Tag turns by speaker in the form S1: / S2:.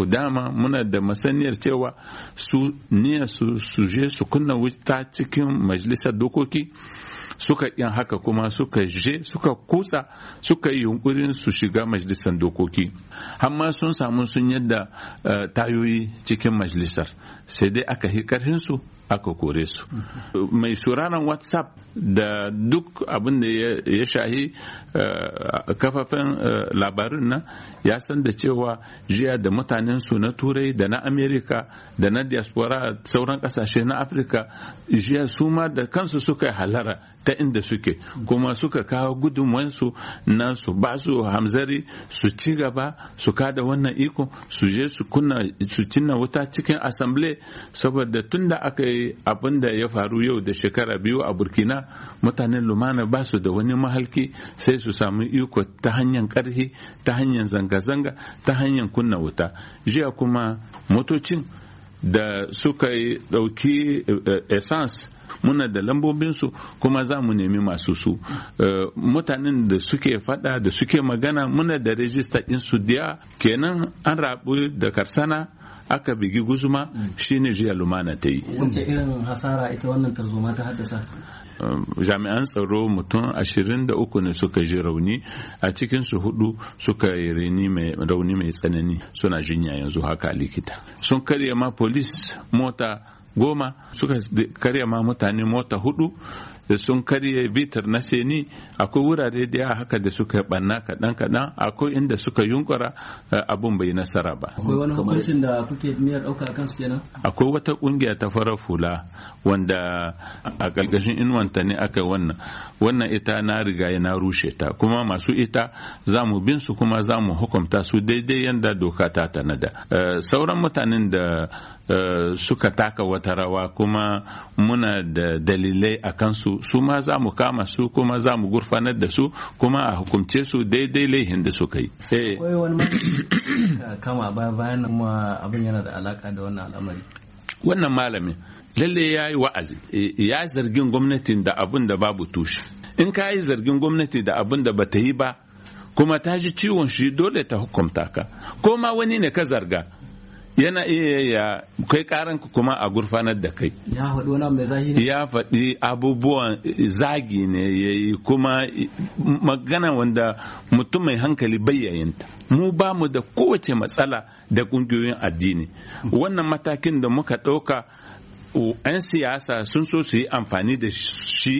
S1: ku dama muna da masaniyar cewa su niyya su suje su kunna wuta cikin majalisar dokoki suka yin haka kuma suka je suka kusa suka yi yunkurin su shiga majalisar dokoki amma sun samu sun yadda eh, tayoyi cikin majalisar sai dai aka hi su. aka kore su mai suranan whatsapp da duk abin da ya shahi eh, kafafen eh, labarin nan ya san da cewa jiya da mutanen su na turai da na amerika da na diaspora sauran kasashe na afirka jiya su ma da kansu suka halara ta inda suke kuma suka kawo gudunmuwansu na su ba su hamzari su ci gaba su kada wannan iko su je su kunna su cinna wuta cikin assembly saboda tunda aka yi abin da ya faru yau da shekara biyu a burkina mutanen lumana ba su da wani mahalki sai su samu iko ta hanyar karhi ta hanyar zanga-zanga ta hanyar kunna wuta jiya kuma motocin da suka ɗauki eh, essence muna da lambobinsu kuma za mu nemi masu su eh, mutanen da suke fada da suke magana muna da rijista ɗinsu diya kenan an rabu da karsana aka bigi guzuma mm. shine jiya lumana ta yi wace irin hasara ita wannan tarzoma ta haddasa um, jami'an tsaro mutum ashirin da uku ne suka ji rauni a cikin su hudu suka yi rauni mai tsanani suna jinya yanzu haka a likita sun karya ma polis mota goma suka karya ma mutane mota hudu da sun karye bitar na seni akwai wurare da haka da suka banna kaɗan kaɗan akwai inda suka yunkura eh, abun bai nasara ba akwai wani hukuncin da kuke niyyar ɗauka kansu kenan akwai wata ƙungiya ta farar fula wanda a ƙarƙashin inwanta ne aka wannan wannan ita na riga na rushe ta kuma masu ita za mu bin su kuma za mu hukumta su daidai yadda doka ta tanada eh, sauran mutanen da eh, suka taka wata rawa kuma muna da dalilai a kansu su ma za mu kama su kuma za mu gurfanar da su kuma a hukumce su daidai laihin da suka yi eh. kama bayan abin yana da alaka da wannan al'amari wannan malamin lalle ya yi wa'azi eh, ya zargin gwamnati da abin da babu tushe in ka yi zargin gwamnati da abin da bata yi ba kuma ta ji ciwon shi dole ta hukumta ka ko ma wani ne ka zarga yana iya ya kai karan kuma a gurfanar da kai ya faɗi wani mai zahiri ya faɗi abubuwan eh, zagi ne yayi kuma eh, magana wanda mutum mai hankali bayyayinta mu ba mu da kowace matsala da ƙungiyoyin addini wannan matakin da muka ɗauka 'yan siyasa sun so su yi amfani da shi